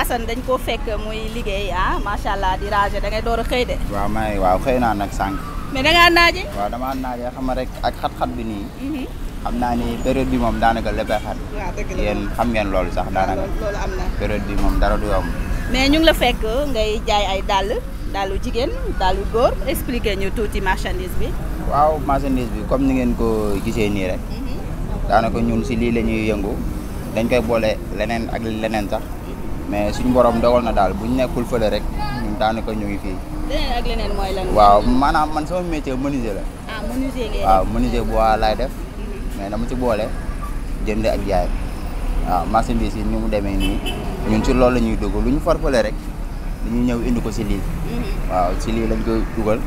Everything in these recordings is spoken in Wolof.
Assane dañ koo fekk muy liggéey ah macha allah di ranger da ngay door a xëy de. waaw may waaw xëy naa nag sànq. mais da ngaa naaje. waaw damaa naaje xam nga rek ak xat-xat bi nii. Mhm. xam naa ni période bi moom daanaka lépp xat. dëgg la xam ngeen loolu sax daanaka. loolu am na période bi moom dara du yomb. mais ñu la fekk ngay jaay ay dàll dàllu jigéen dàllu góor expliquer ñu tuuti marchandise bi. waaw marchandise bi comme ni ngeen ko gisee nii rek. Mhm. daanaka ñun si lii la ñuy yëngu dañ koy boole leneen ak leneen sax. mais suñu borom dogal na daal bu ñu nekkul fële rek ñun ñu ngi fii. leneen ak leneen mooy waaw maanaam man sama métier menuisier la. ah menuisier ngay waaw menuisier bu laay def. mais dama ci boole jënd ak jaay waaw marchandise yi ni mu demee nii ñun ci loolu la ñuy dugg lu ñu for fële rek dañuy ñëw indi ko si lii. Mm-hmm. waaw si lii lañ ko dugal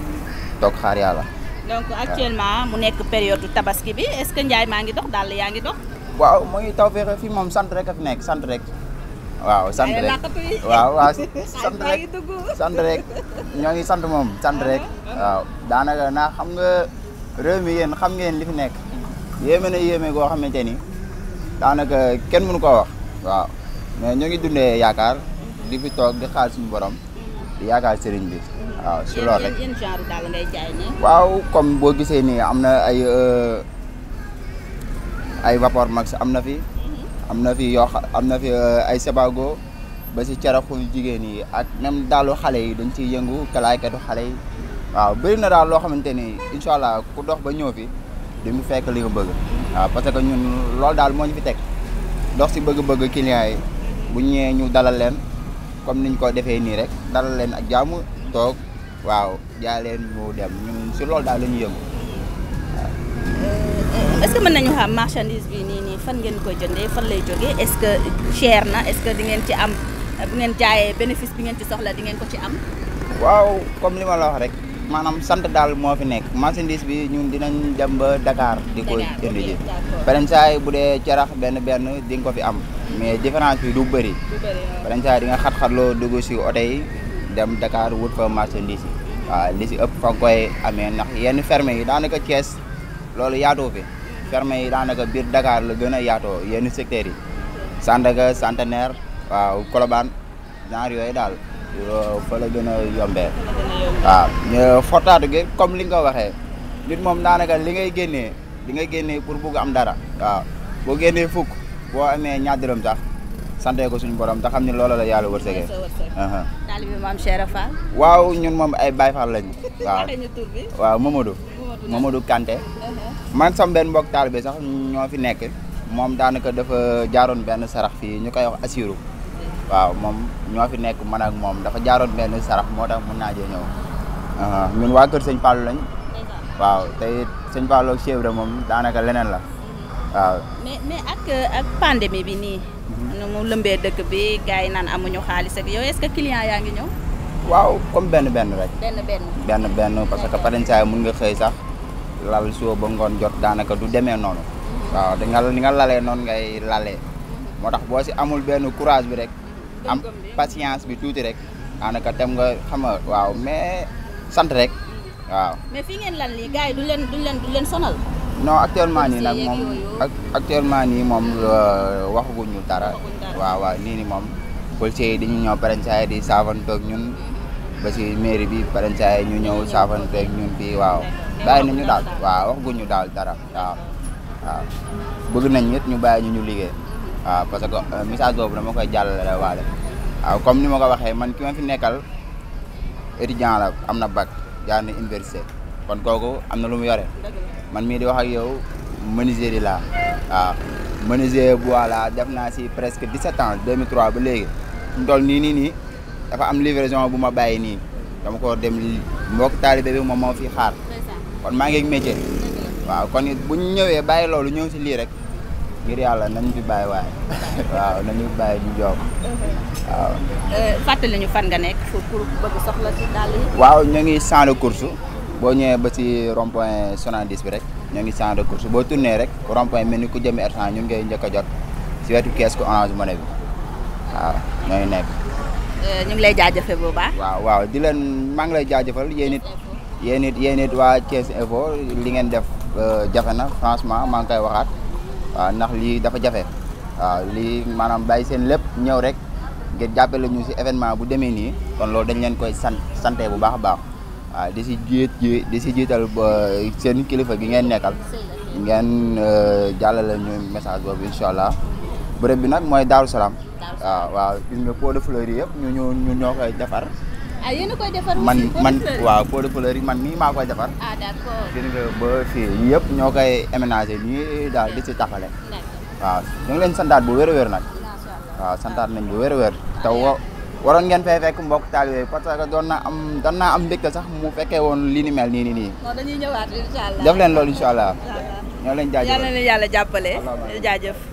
toog xaar yàlla. donc actuellement mu nekk période tabaski bi est-ce que njaay maa ngi dox daal yaa ngi dox. waaw mooy taw fexe fii moom sant rek a fi nekk sant rek. waaw sant rek waaw waaw sant rek ñoo ngi sant moom sant rek waaw daanaka naa xam nga réew mi yéen xam ngeen li fi nekk yéeme na yéeme goo xamante ni daanaka kenn mënu ko wax waaw mais ñoo ngi dundee yaakaar di fi toog di xaar suñu borom di yaakaar sëriñ bi waaw rek waaw comme boo gisee nii am na ay euh, ay vapeur max am na fi am na fi yoo am na fi euh, ay sebago ba si caraxu jigéen yi ak même daalu xale yi dañ ciy yëngu kalaaykatu xale yi waaw bëri na daal loo xamante ni incha allah ku dox ba ñëw fi di mu fekk li nga bëgg waaw parce que ñun loolu daal moo ñu fi teg dox si bëgg-bëgg client yi bu ñëwee ñu dalal leen comme niñ ko defee nii rek dalal leen ak jàmm toog waaw jaay leen mu dem ñun si loolu daal la ñuy yëngu. est-ce que mën nañu xam marchandise bi nii nii fan ngeen koy jëndee fan lay jógee est-ce que cher na est-ce que di ci am bu ngeen jaayee bénéfice bi ngeen ci soxla di ko ci am. waaw comme li ma wax rek maanaam sant daal moo fi nekk marchandise bi ñun dinañ dem ba Dakar. di ko jënd ji beneen saa bu dee carax benn benn di ko fi am. Hmm. mais différence bi du bëri. du bëri beneen di nga xat-xatloo dugg si oto dem Dakar wut fa marchandise waa li si ëpp fa nga koy amee nax yenn ferme yi daanaka Thiès loolu yaatoo fi. ferme yi daanaka biir dakaar la gën a yaatoo yenn secteurs yi Sandaga Centenaire waaw Colobane genre yooyu daal fa la gën a yombee waaw fortaatu gi comme li nga ko waxee nit moom daanaka li ngay génnee li ngay génnee pour bugg am dara waaw boo génnee fukk boo amee ñaar dërëm sax sante ko suñu borom te xam ne loola la yàlla wërsëgee. Uh-huh. taalibe maam Cheikh Fall. waaw ñun moom ay Baye Fall lañu. waaw waaw Mamadou kante uh-huh. man sama benn taal bi sax ñoo fi nekk moom daanaka dafa jaaroon benn sarax fii ñu koy wax Assirou waaw moom ñoo fi nekk man ak moom dafa jaaroon benn sarax moo tax mun naa jee ñëw uh-huh. ñun waa kër sëñ Fallou lañ waaw te it sëñ Fallou moom daanaka leneen la mm-hmm. waaw mais mais ak ak bi nii mm-hmm. nu mu lëmbee dëkk bi gars yi naan amuñu xaalis ak yow est-ce client yaa ngi ñëw waaw comme benn benn rek. benn benn benn benn parce que parensaay mun nga xëy sax lal soo ba ngoon jot daanaka du demee noonu. Mhm. waaw di nga ni nga lalee noonu ngay lalee. Mhm. moo tax boo si amul benn courage bi rek. am patience bi tuuti rek. daanaka tem nga xam nga waaw mais sant rek. waaw mais du leen sonal. non actuellement nii nag moom actuellement nii moom euh, waxaguñu dara. waaw waaw nii ni moom policiers yi dañuy ñëw parensaay di saavantoog ñun. Mhm. ba si mairie bi parensaay ñu ñëw saafanteeg ñun fii waaw bàyyi nañu daal waaw wax guñu daal dara waaw waaw bëgg nañ ñett ñu bàyyi ñu ñu liggéey waaw parce que euh, message boobu dama koy jàllale waale waaw comme ni ma ko waxee man ki ma fi nekkal étudiant la am na bac jaar na université kon kooku am na lu mu yore man mii di wax ak yow menuisier yi laa waaw menuisier bois laa def naa si presque 17 ans 2003 ba léegi mu toll nii nii dafa am livraison bu ma bàyyi nii dama ko dem mbokk taalibe bi moom moo fi xaar kon maa ngi métier waaw kon bu ñu ñëwee bàyyi loolu ñëw si lii rek ngir yàlla nañu fi bàyyi waaye waaw nañu bàyyi ñu jox waaw. fàttali ñu fan nga nekk waaw ñoo ngi champ de boo ñëwee ba si rond point soixante bi rek ñoo ngi champ de boo tourné rek rond point mel ni ku jëmi R100 ñun ngay njëkk a jot si wetu kees ku orange money bi waaw ñoo ngi nekk. Euh, ñu ngi lay jaajëfee bu baax. waaw waaw di leen maa ngi lay jaajëfal yéen it yéen it yéen it waa Thiès Info li ngeen def euh, jafe na franchement maa ngi koy waxaat waaw ndax lii dafa jafe waaw lii maanaam bàyyi seen lépp ñëw rek ngir jàppale ñu si événement bu demee nii kon loolu dañ leen koy sant sante bu baax a baax waaw di si jiit ji di si jiital seen kilifa gi ngeen nekkal ngeen euh, jàllale ñu message boobu incha allah. bërëb bi nag mooy Daaru Salaam. waaw waaw gis nga pot de fleurs yëpp ñu ñu ñu ñoo koy defar. Ah, man waaw pot de fleurs yi man nii maa koy defar. Ah, yëpp ñoo koy aménager nii daal di ci taxale. waaw ñu ngi leen bu wér-wér nag. waaw santaat nañ bu wér-wér. te wo waroon ngeen fay fekk mbokk taalibe parce que doon na am doon naa am sax mu fekkee woon li ni mel nii nii nii. non dañuy ñëwaat incha allah def leen loolu